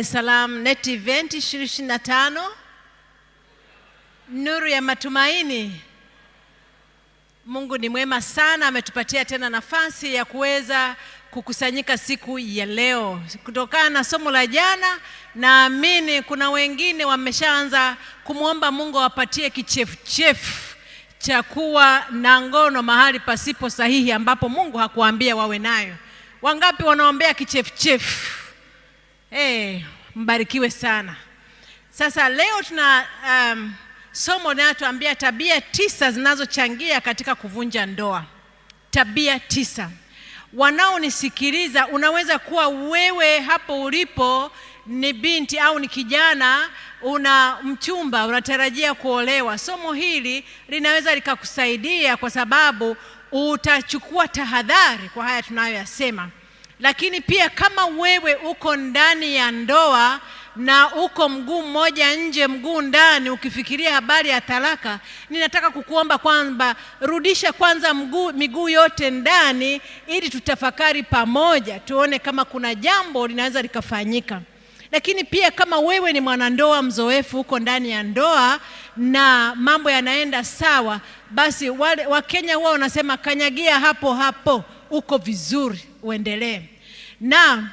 es Salaam NET Event 25 Nuru ya Matumaini. Mungu ni mwema sana, ametupatia tena nafasi ya kuweza kukusanyika siku ya leo. Kutokana na somo la jana, naamini kuna wengine wameshaanza kumwomba Mungu awapatie kichefuchefu cha kuwa na ngono mahali pasipo sahihi ambapo Mungu hakuambia wawe nayo. Wangapi wanaombea kichefuchefu? Hey, eh. Mbarikiwe sana. Sasa leo tuna um, somo linayotuambia tabia tisa zinazochangia katika kuvunja ndoa. Tabia tisa. Wanaonisikiliza, unaweza kuwa wewe hapo ulipo ni binti au ni kijana, una mchumba, unatarajia kuolewa. Somo hili linaweza likakusaidia, kwa sababu utachukua tahadhari kwa haya tunayoyasema. Lakini pia kama wewe uko ndani ya ndoa na uko mguu mmoja nje mguu ndani, ukifikiria habari ya talaka, ninataka kukuomba kwamba rudisha kwanza mguu, miguu yote ndani, ili tutafakari pamoja, tuone kama kuna jambo linaweza likafanyika. Lakini pia kama wewe ni mwanandoa mzoefu, uko ndani ya ndoa na mambo yanaenda sawa, basi wale Wakenya huwa wanasema kanyagia hapo hapo, uko vizuri uendelee na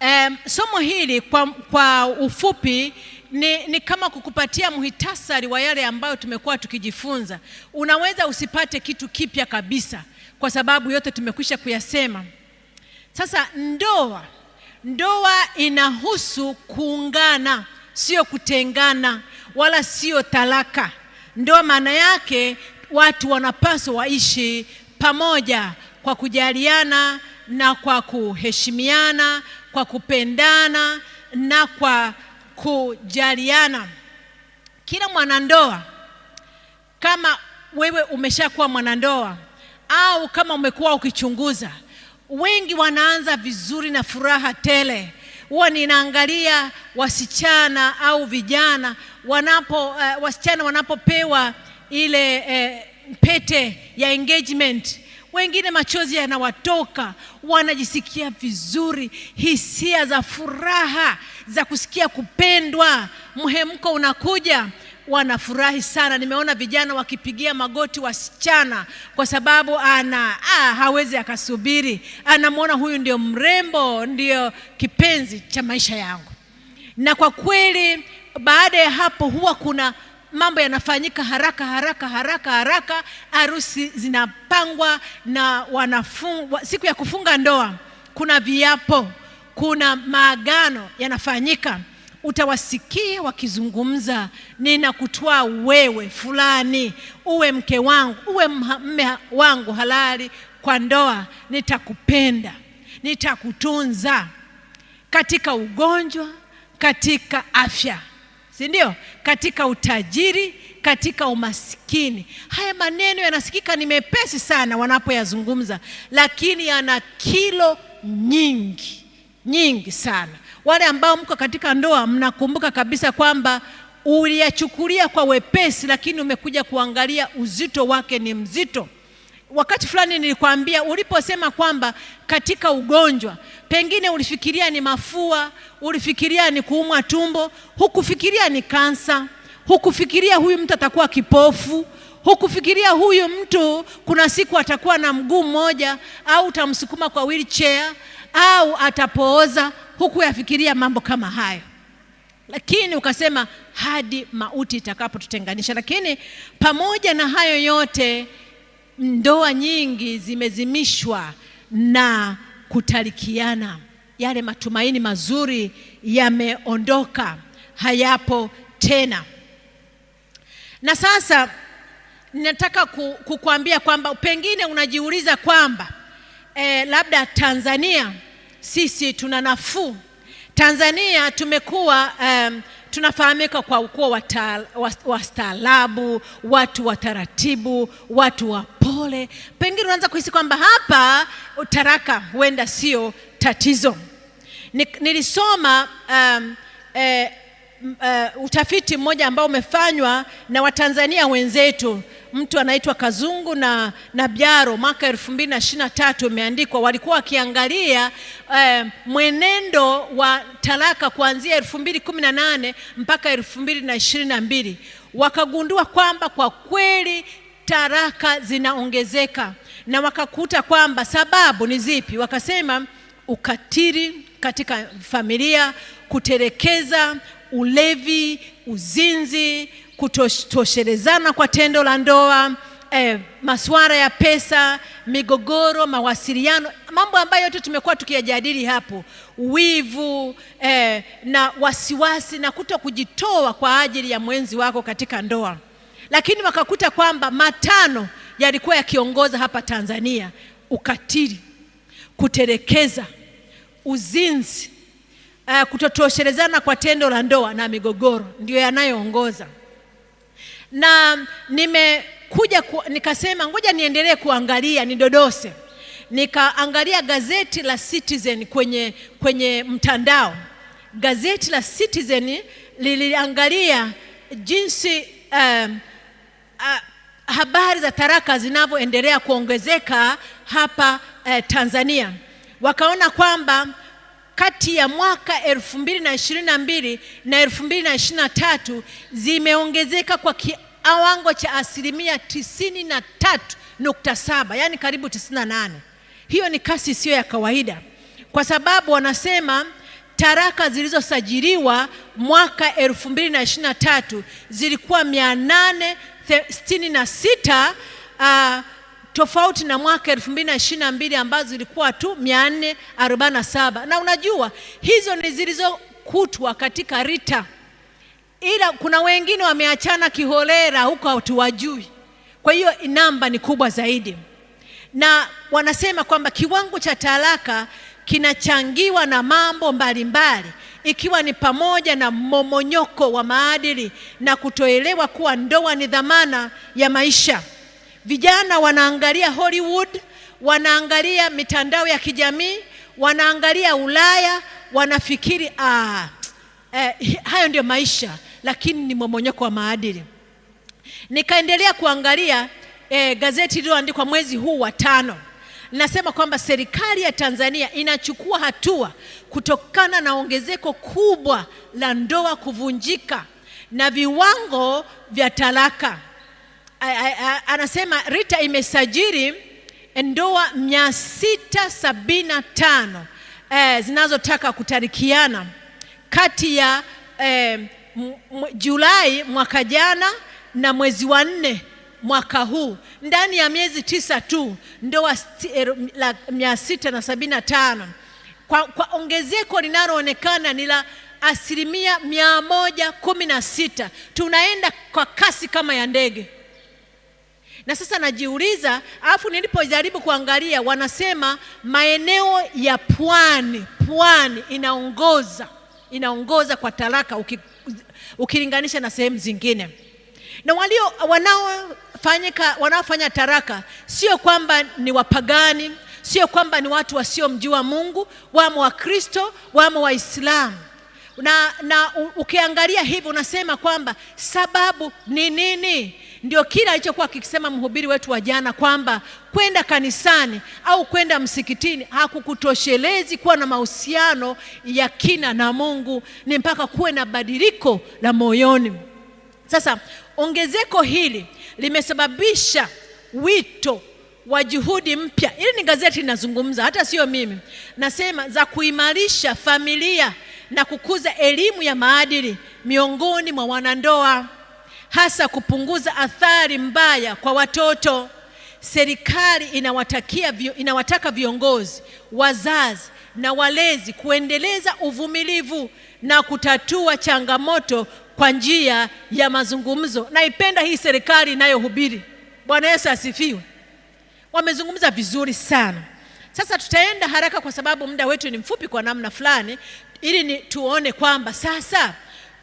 um, somo hili kwa, kwa ufupi ni, ni kama kukupatia muhitasari wa yale ambayo tumekuwa tukijifunza. Unaweza usipate kitu kipya kabisa, kwa sababu yote tumekwisha kuyasema. Sasa ndoa, ndoa inahusu kuungana, sio kutengana, wala sio talaka. Ndoa maana yake watu wanapaswa waishi pamoja kwa kujaliana na kwa kuheshimiana, kwa kupendana na kwa kujaliana. Kila mwanandoa, kama wewe umeshakuwa mwanandoa au kama umekuwa ukichunguza, wengi wanaanza vizuri na furaha tele. Huwa ninaangalia wasichana au vijana wanapo uh, wasichana wanapopewa ile uh, pete ya engagement wengine machozi yanawatoka, wanajisikia vizuri, hisia za furaha za kusikia kupendwa, mhemko unakuja wanafurahi sana. Nimeona vijana wakipigia magoti wasichana, kwa sababu ana ah, hawezi akasubiri, anamwona huyu ndio mrembo, ndio kipenzi cha maisha yangu. Na kwa kweli, baada ya hapo huwa kuna mambo yanafanyika haraka haraka haraka haraka, harusi zinapangwa na wanafunga, siku ya kufunga ndoa kuna viapo, kuna maagano yanafanyika. Utawasikia wakizungumza, kutoa wewe fulani uwe mke wangu, uwe mme wangu halali kwa ndoa, nitakupenda, nitakutunza katika ugonjwa, katika afya si ndio? Katika utajiri, katika umasikini. Haya maneno yanasikika ni mepesi sana wanapoyazungumza, lakini yana kilo nyingi nyingi sana. Wale ambao mko katika ndoa, mnakumbuka kabisa kwamba uliyachukulia kwa wepesi, lakini umekuja kuangalia uzito wake ni mzito wakati fulani nilikwambia, uliposema kwamba katika ugonjwa pengine ulifikiria ni mafua, ulifikiria ni kuumwa tumbo, hukufikiria ni kansa, hukufikiria huyu mtu atakuwa kipofu, hukufikiria huyu mtu kuna siku atakuwa na mguu mmoja, au utamsukuma kwa wheelchair au atapooza. Hukuyafikiria mambo kama hayo, lakini ukasema hadi mauti itakapotutenganisha. Lakini pamoja na hayo yote ndoa nyingi zimezimishwa na kutalikiana, yale matumaini mazuri yameondoka, hayapo tena. Na sasa ninataka kukuambia kwamba pengine unajiuliza kwamba e, labda Tanzania sisi tuna nafuu. Tanzania tumekuwa um, tunafahamika kwa kuwa wastaarabu, watu wa taratibu, watu wa pole. pengine unaanza kuhisi kwamba hapa taraka huenda sio tatizo. Nilisoma um, e, Uh, utafiti mmoja ambao umefanywa na Watanzania wenzetu, mtu anaitwa Kazungu na, na Byaro mwaka elfu mbili na ishirini na tatu umeandikwa. Walikuwa wakiangalia uh, mwenendo wa talaka kuanzia elfu mbili kumi na nane mpaka elfu mbili na ishirini na mbili wakagundua kwamba kwa kweli taraka zinaongezeka, na wakakuta kwamba sababu ni zipi? Wakasema ukatili katika familia, kuterekeza, ulevi, uzinzi, kutoshelezana kwa tendo la ndoa Eh, masuala ya pesa, migogoro, mawasiliano, mambo ambayo yote tumekuwa tukiyajadili hapo, wivu eh, na wasiwasi na kuto kujitoa kwa ajili ya mwenzi wako katika ndoa lakini wakakuta kwamba matano yalikuwa yakiongoza hapa Tanzania: ukatili, kuterekeza, uzinzi, uh, kutotoshelezana kwa tendo la ndoa na migogoro, ndiyo yanayoongoza. Na nimekuja ku, nikasema ngoja niendelee kuangalia nidodose, nikaangalia gazeti la Citizen kwenye, kwenye mtandao. Gazeti la Citizen liliangalia jinsi um, Ah, habari za taraka zinavyoendelea kuongezeka hapa uh, Tanzania, wakaona kwamba kati ya mwaka elfu mbili na ishirini na mbili na elfu mbili na ishirini na tatu zimeongezeka kwa kiwango cha asilimia tisini na tatu nukta saba yaani karibu tisini na nane. Hiyo ni kasi isiyo ya kawaida, kwa sababu wanasema taraka zilizosajiliwa mwaka elfu mbili na ishirini na tatu zilikuwa mia nane sitini na sita uh, tofauti na mwaka mbili ambazo zilikuwa tu 447 na unajua hizo ni zilizokutwa katika Rita, ila kuna wengine wameachana kiholera huko hatuwajui. Kwa hiyo namba ni kubwa zaidi, na wanasema kwamba kiwango cha talaka kinachangiwa na mambo mbalimbali mbali ikiwa ni pamoja na momonyoko wa maadili na kutoelewa kuwa ndoa ni dhamana ya maisha. Vijana wanaangalia Hollywood, wanaangalia mitandao ya kijamii, wanaangalia Ulaya, wanafikiri ah, eh, hayo ndio maisha, lakini ni momonyoko wa maadili. Nikaendelea kuangalia eh, gazeti lililoandikwa mwezi huu wa tano nasema kwamba serikali ya Tanzania inachukua hatua kutokana na ongezeko kubwa la ndoa kuvunjika na viwango vya talaka. Anasema Rita imesajili ndoa 675 eh, zinazotaka kutarikiana kati ya eh, Julai mwaka jana na mwezi wa nne mwaka huu ndani ya miezi tisa tu ndoa eh, mia sita na sabini na tano kwa, kwa ongezeko linaloonekana ni la asilimia mia moja kumi na sita. Tunaenda kwa kasi kama ya ndege, na sasa najiuliza, alafu nilipojaribu kuangalia, wanasema maeneo ya pwani, pwani inaongoza inaongoza kwa talaka uki, ukilinganisha na sehemu zingine na walio wanao wanaofanyika wanaofanya taraka sio kwamba ni wapagani, sio kwamba ni watu wasiomjua Mungu. Wamo Wakristo, wamo Waislamu na, na ukiangalia hivi unasema kwamba sababu ni nini? Ndio kile alichokuwa kikisema mhubiri wetu wa jana kwamba kwenda kanisani au kwenda msikitini hakukutoshelezi kuwa na mahusiano ya kina na Mungu, ni mpaka kuwe na badiliko la moyoni. Sasa ongezeko hili limesababisha wito wa juhudi mpya. Hili ni gazeti linazungumza, hata sio mimi. Nasema za kuimarisha familia na kukuza elimu ya maadili miongoni mwa wanandoa, hasa kupunguza athari mbaya kwa watoto. Serikali inawatakia, inawataka viongozi, wazazi na walezi kuendeleza uvumilivu na kutatua changamoto kwa njia ya mazungumzo. Naipenda hii serikali inayohubiri. Bwana Yesu asifiwe. Wamezungumza vizuri sana. Sasa tutaenda haraka kwa sababu muda wetu ni mfupi kwa namna fulani, ili ni tuone kwamba sasa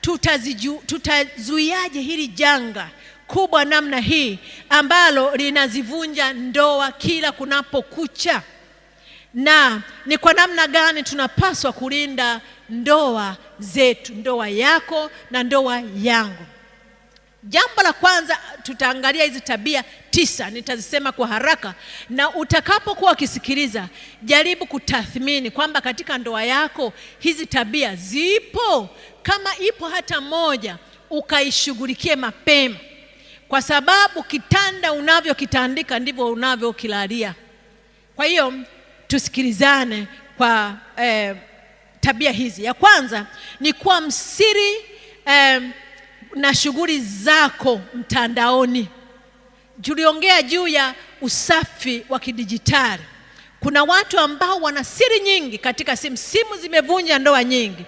tutaziju, tutazuiaje hili janga kubwa namna hii ambalo linazivunja ndoa kila kunapokucha na ni kwa namna gani tunapaswa kulinda ndoa zetu, ndoa yako na ndoa yangu. Jambo la kwanza tutaangalia hizi tabia tisa, nitazisema kwa haraka, na utakapokuwa ukisikiliza, jaribu kutathmini kwamba katika ndoa yako hizi tabia zipo. Kama ipo hata moja, ukaishughulikie mapema, kwa sababu kitanda unavyokitandika ndivyo unavyokilalia. Kwa hiyo tusikilizane kwa eh, tabia hizi. Ya kwanza ni kuwa msiri eh, na shughuli zako mtandaoni. Tuliongea juu ya usafi wa kidijitali. Kuna watu ambao wana siri nyingi katika simu. Simu zimevunja ndoa nyingi.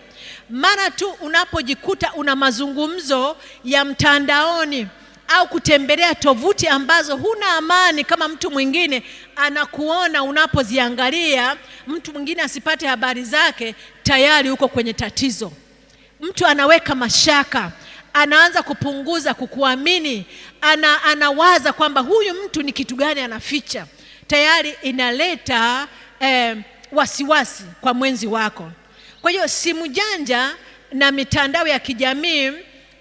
Mara tu unapojikuta una mazungumzo ya mtandaoni au kutembelea tovuti ambazo huna amani kama mtu mwingine anakuona unapoziangalia, mtu mwingine asipate habari zake, tayari uko kwenye tatizo. Mtu anaweka mashaka, anaanza kupunguza kukuamini, ana, anawaza kwamba huyu mtu ni kitu gani anaficha, tayari inaleta eh, wasiwasi kwa mwenzi wako. Kwa hiyo simu janja na mitandao ya kijamii,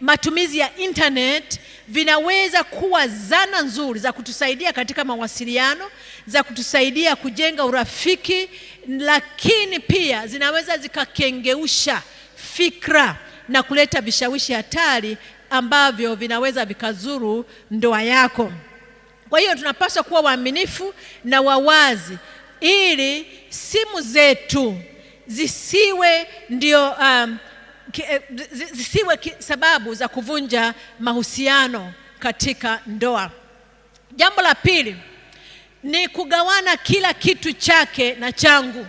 matumizi ya intaneti vinaweza kuwa zana nzuri za kutusaidia katika mawasiliano, za kutusaidia kujenga urafiki, lakini pia zinaweza zikakengeusha fikra na kuleta vishawishi hatari ambavyo vinaweza vikazuru ndoa yako. Kwa hiyo tunapaswa kuwa waaminifu na wawazi ili simu zetu zisiwe ndio um, Eh, zisiwe sababu za kuvunja mahusiano katika ndoa. Jambo la pili ni kugawana kila kitu chake na changu.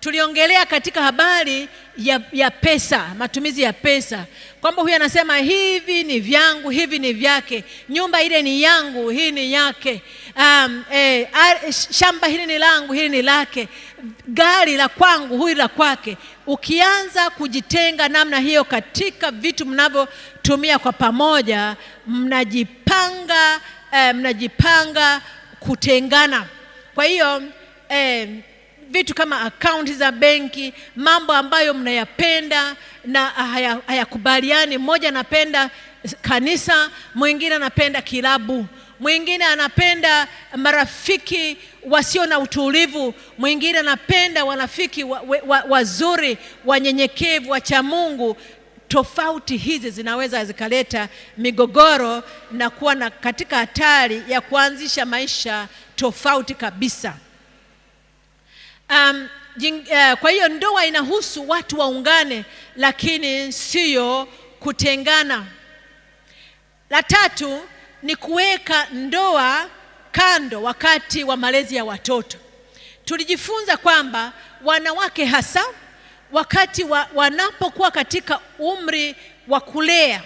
Tuliongelea katika habari ya, ya pesa, matumizi ya pesa, kwamba huyu anasema hivi ni vyangu, hivi ni vyake, nyumba ile ni yangu, hii ni yake, um, eh, shamba hili ni langu, hili ni lake, gari la kwangu, huyu la kwake. Ukianza kujitenga namna hiyo katika vitu mnavyotumia kwa pamoja, mnajipanga eh, mnajipanga kutengana. Kwa hiyo eh, vitu kama akaunti za benki, mambo ambayo mnayapenda na hayakubaliani, haya mmoja anapenda kanisa, mwingine anapenda kilabu, mwingine anapenda marafiki wasio na utulivu. Mwingine anapenda wanafiki wazuri wa, wa wanyenyekevu wacha Mungu. Tofauti hizi zinaweza zikaleta migogoro na kuwa na katika hatari ya kuanzisha maisha tofauti kabisa. Um, jing, uh, kwa hiyo ndoa inahusu watu waungane, lakini siyo kutengana. La tatu ni kuweka ndoa kando wakati wa malezi ya watoto. Tulijifunza kwamba wanawake hasa wakati wa, wanapokuwa katika umri wa kulea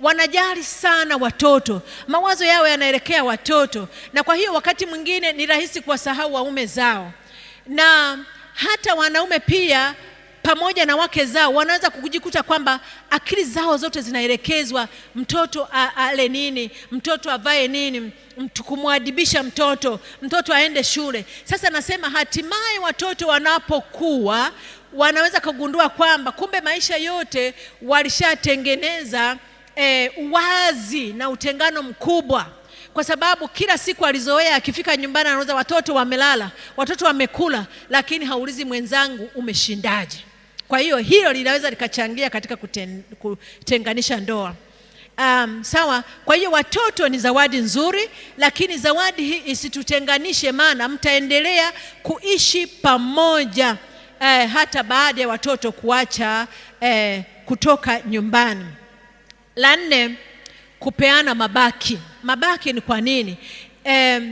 wanajali sana watoto, mawazo yao yanaelekea watoto, na kwa hiyo wakati mwingine ni rahisi kuwasahau waume zao na hata wanaume pia pamoja na wake zao wanaweza kujikuta kwamba akili zao zote zinaelekezwa mtoto ale nini, mtoto avae nini, kumwadibisha mtoto, mtoto aende shule. Sasa nasema hatimaye watoto wanapokuwa wanaweza kugundua kwamba kumbe maisha yote walishatengeneza e, uwazi na utengano mkubwa kwa sababu kila siku alizoea akifika nyumbani anauza, watoto wamelala, watoto wamekula, lakini haulizi mwenzangu umeshindaje. Kwa hiyo hilo linaweza likachangia katika kuten, kutenganisha ndoa. Um, sawa. Kwa hiyo watoto ni zawadi nzuri, lakini zawadi hii isitutenganishe, maana mtaendelea kuishi pamoja eh, hata baada ya watoto kuacha eh, kutoka nyumbani. La nne, kupeana mabaki. Mabaki ni kwa nini? Eh,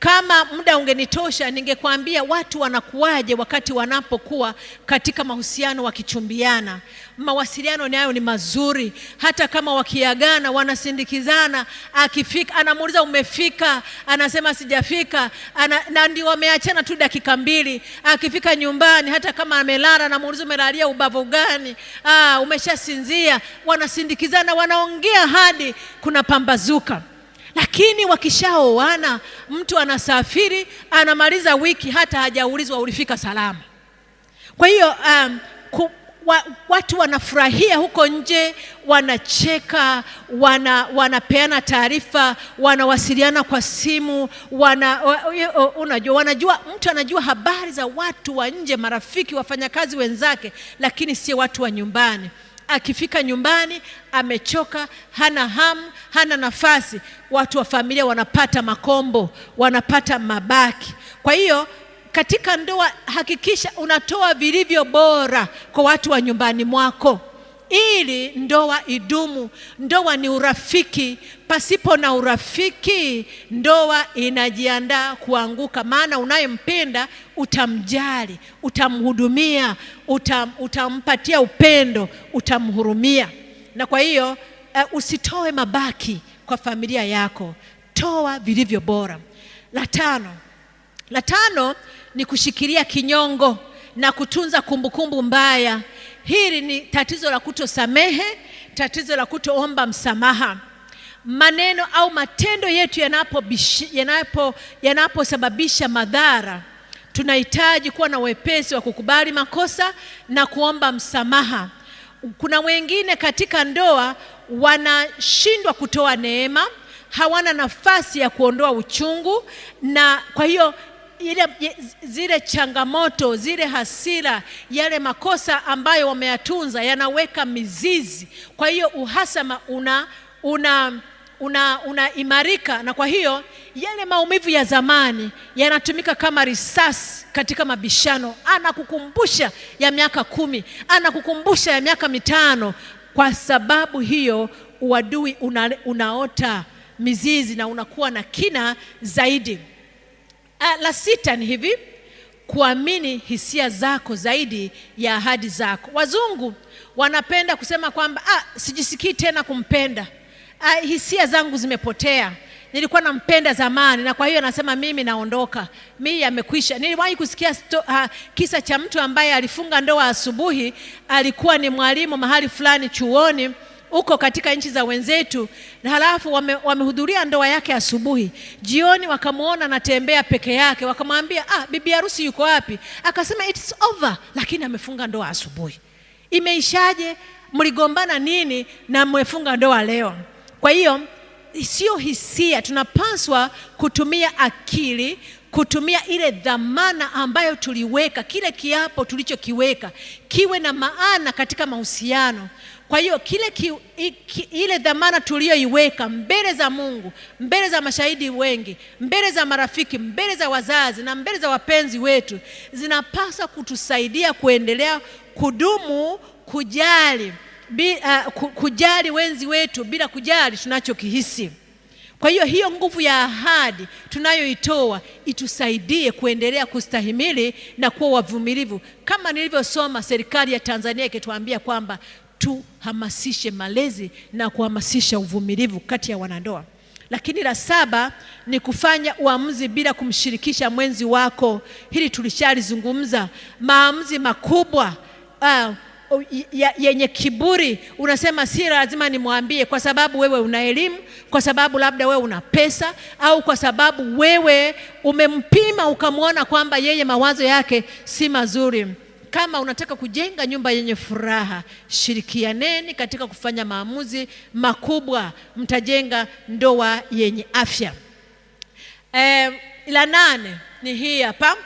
kama muda ungenitosha ningekwambia watu wanakuwaje wakati wanapokuwa katika mahusiano wakichumbiana. Mawasiliano nayo ni mazuri, hata kama wakiagana wanasindikizana. Akifika anamuuliza umefika, anasema sijafika, ana, na ndio wameachana tu dakika mbili. Akifika nyumbani, hata kama amelala, anamuuliza umelalia ubavu gani? Ah, umeshasinzia. Wanasindikizana, wanaongea hadi kuna pambazuka. Lakini wakishaoana mtu anasafiri anamaliza wiki, hata hajaulizwa ulifika salama. Kwa hiyo um, ku, wa, watu wanafurahia huko nje, wanacheka, wana, wanapeana taarifa, wanawasiliana kwa simu, wana, unajua, wanajua mtu anajua habari za watu wa nje, marafiki, wafanyakazi wenzake, lakini sio watu wa nyumbani akifika nyumbani amechoka, hana hamu, hana nafasi. Watu wa familia wanapata makombo, wanapata mabaki. Kwa hiyo katika ndoa hakikisha unatoa vilivyo bora kwa watu wa nyumbani mwako ili ndoa idumu. Ndoa ni urafiki, pasipo na urafiki ndoa inajiandaa kuanguka, maana unayempenda utamjali, utamhudumia, utam, utampatia upendo, utamhurumia. Na kwa hiyo uh, usitoe mabaki kwa familia yako, toa vilivyo bora. La tano, la tano ni kushikilia kinyongo na kutunza kumbukumbu kumbu mbaya. Hili ni tatizo la kutosamehe, tatizo la kutoomba msamaha. Maneno au matendo yetu yanaposababisha yanapo, madhara, tunahitaji kuwa na wepesi wa kukubali makosa na kuomba msamaha. Kuna wengine katika ndoa wanashindwa kutoa neema, hawana nafasi ya kuondoa uchungu, na kwa hiyo ile, zile changamoto zile hasira yale makosa ambayo wameyatunza yanaweka mizizi. Kwa hiyo uhasama una una unaimarika una na kwa hiyo yale maumivu ya zamani yanatumika kama risasi katika mabishano. Anakukumbusha ya miaka kumi, anakukumbusha ya miaka mitano. Kwa sababu hiyo uadui una, unaota mizizi na unakuwa na kina zaidi. Uh, la sita ni hivi kuamini hisia zako zaidi ya ahadi zako. Wazungu wanapenda kusema kwamba ah, sijisikii tena kumpenda ah, hisia zangu zimepotea, nilikuwa nampenda zamani na kwa hiyo anasema mimi naondoka, mimi yamekwisha. Niliwahi kusikia sto, ah, kisa cha mtu ambaye alifunga ndoa asubuhi, alikuwa ni mwalimu mahali fulani chuoni uko katika nchi za wenzetu, na halafu wamehudhuria wame ndoa yake asubuhi, jioni wakamwona anatembea peke yake, wakamwambia ah, bibi harusi yuko wapi? Akasema it's over, lakini amefunga ndoa asubuhi. Imeishaje? mligombana nini na mmefunga ndoa leo? Kwa hiyo sio hisia, tunapaswa kutumia akili kutumia ile dhamana ambayo tuliweka, kile kiapo tulichokiweka kiwe na maana katika mahusiano. Kwa hiyo kile ki, ki, ile dhamana tuliyoiweka mbele za Mungu, mbele za mashahidi wengi, mbele za marafiki, mbele za wazazi na mbele za wapenzi wetu, zinapaswa kutusaidia kuendelea kudumu kujali bi, uh, kujali wenzi wetu bila kujali tunachokihisi. Kwa hiyo hiyo nguvu ya ahadi tunayoitoa itusaidie kuendelea kustahimili na kuwa wavumilivu, kama nilivyosoma serikali ya Tanzania ikituambia kwamba tuhamasishe malezi na kuhamasisha uvumilivu kati ya wanandoa. Lakini la saba ni kufanya uamuzi bila kumshirikisha mwenzi wako. Hili tulishalizungumza. Maamuzi makubwa uh, yenye kiburi, unasema si lazima nimwambie, kwa sababu wewe una elimu, kwa sababu labda wewe una pesa, au kwa sababu wewe umempima ukamwona kwamba yeye mawazo yake si mazuri. Kama unataka kujenga nyumba yenye furaha, shirikianeni katika kufanya maamuzi makubwa, mtajenga ndoa yenye afya. E, la nane ni hii hapa,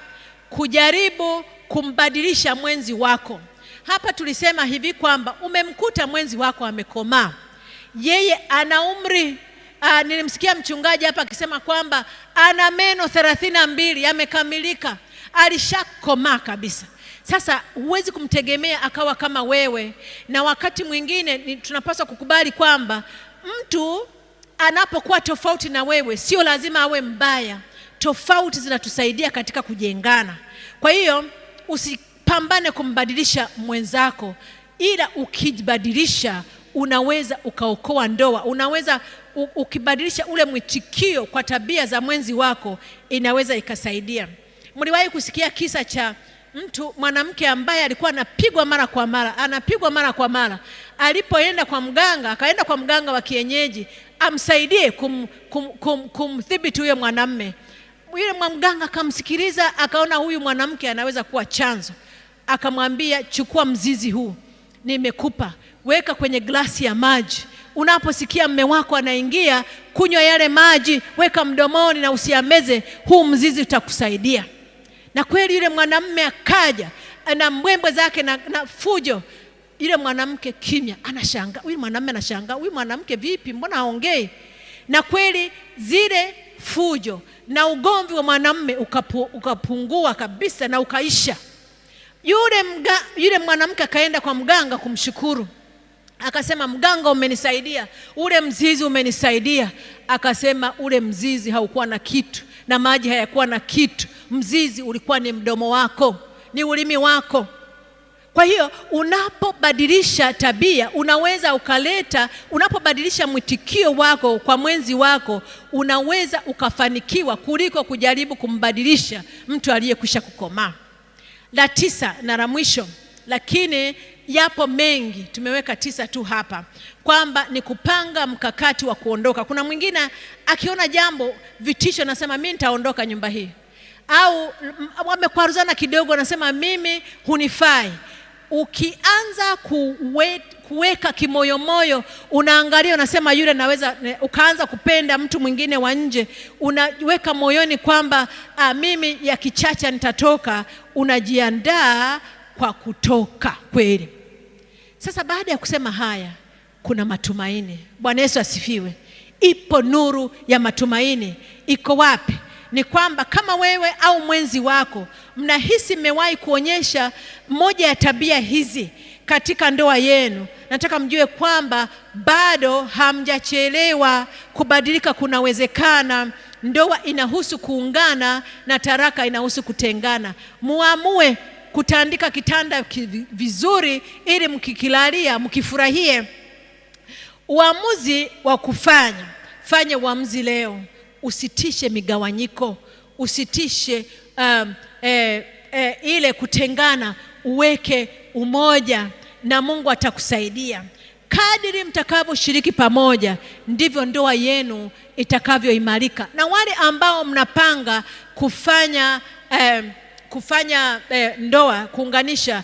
kujaribu kumbadilisha mwenzi wako. Hapa tulisema hivi kwamba umemkuta mwenzi wako amekomaa, yeye ana umri Uh, nilimsikia mchungaji hapa akisema kwamba ana meno thelathini na mbili yamekamilika, alishakomaa kabisa. Sasa huwezi kumtegemea akawa kama wewe, na wakati mwingine tunapaswa kukubali kwamba mtu anapokuwa tofauti na wewe sio lazima awe mbaya. Tofauti zinatusaidia katika kujengana. Kwa hiyo usipambane kumbadilisha mwenzako, ila ukibadilisha unaweza ukaokoa ndoa. Unaweza ukibadilisha ule mwitikio kwa tabia za mwenzi wako, inaweza ikasaidia. Mliwahi kusikia kisa cha mtu mwanamke ambaye alikuwa anapigwa mara kwa mara, anapigwa mara kwa mara, alipoenda kwa mganga, akaenda kwa mganga wa kienyeji amsaidie kumdhibiti kum, kum, huyo mwanamme. Yule mganga akamsikiliza, akaona huyu mwanamke anaweza kuwa chanzo, akamwambia chukua mzizi huu nimekupa, weka kwenye glasi ya maji Unaposikia mme wako anaingia, kunywa yale maji, weka mdomoni na usiameze Huu mzizi utakusaidia. Na kweli yule mwanamume akaja na mbwembwe zake na, na fujo. Yule mwanamke kimya, anashangaa. Huyu mwanamume anashangaa, huyu mwanamke vipi, mbona haongei? Na kweli zile fujo na ugomvi wa mwanamume ukapu, ukapungua kabisa na ukaisha. Yule, yule mwanamke akaenda kwa mganga kumshukuru. Akasema mganga, umenisaidia, ule mzizi umenisaidia. Akasema ule mzizi haukuwa na kitu na maji hayakuwa na kitu, mzizi ulikuwa ni mdomo wako, ni ulimi wako. Kwa hiyo unapobadilisha tabia unaweza ukaleta, unapobadilisha mwitikio wako kwa mwenzi wako unaweza ukafanikiwa kuliko kujaribu kumbadilisha mtu aliyekwisha kukomaa. La tisa na la mwisho, lakini yapo mengi, tumeweka tisa tu hapa, kwamba ni kupanga mkakati wa kuondoka. Kuna mwingine akiona jambo vitisho, nasema mimi nitaondoka nyumba hii, au mm, wamekwaruzana kidogo, nasema mimi hunifai. Ukianza kuwe, kuweka kimoyomoyo, unaangalia unasema, yule naweza, ukaanza kupenda mtu mwingine wa nje, unaweka moyoni kwamba ah, mimi ya kichacha nitatoka, unajiandaa kwa kutoka kweli. Sasa baada ya kusema haya, kuna matumaini. Bwana Yesu asifiwe. Ipo nuru ya matumaini. Iko wapi? Ni kwamba kama wewe au mwenzi wako mnahisi mmewahi kuonyesha moja ya tabia hizi katika ndoa yenu, nataka mjue kwamba bado hamjachelewa kubadilika. Kunawezekana. Ndoa inahusu kuungana na taraka inahusu kutengana. Muamue kutandika kitanda vizuri, ili mkikilalia mkifurahie. Uamuzi wa kufanya, fanye uamuzi leo, usitishe migawanyiko, usitishe um, eh, eh, ile kutengana, uweke umoja na Mungu atakusaidia. Kadiri mtakavyoshiriki pamoja, ndivyo ndoa yenu itakavyoimarika. Na wale ambao mnapanga kufanya eh, kufanya eh, ndoa, kuunganisha,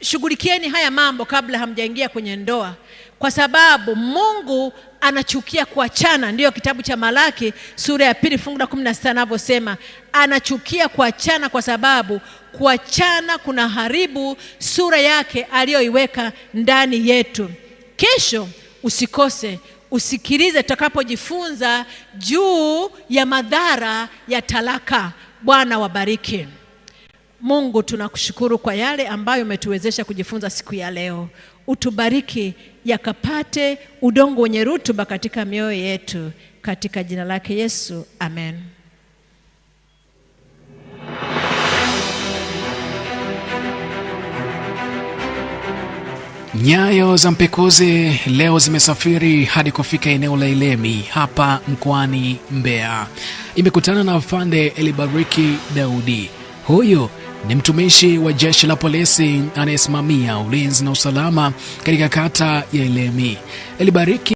shughulikieni haya mambo kabla hamjaingia kwenye ndoa, kwa sababu Mungu anachukia kuachana. Ndiyo kitabu cha Malaki sura ya pili fungu la kumi na sita anavyosema, anachukia kuachana kwa sababu kuachana kuna haribu sura yake aliyoiweka ndani yetu. Kesho usikose usikilize tutakapojifunza juu ya madhara ya talaka. Bwana wabariki. Mungu tunakushukuru kwa yale ambayo umetuwezesha kujifunza siku ya leo. Utubariki yakapate udongo wenye rutuba katika mioyo yetu, katika jina lake Yesu, amen. Nyayo za Mpekuzi leo zimesafiri hadi kufika eneo la Ilemi hapa mkoani Mbeya. Imekutana na Afande Elibariki Daudi. Huyu ni mtumishi wa jeshi la polisi anayesimamia ulinzi na usalama katika kata ya Ilemi. Elibariki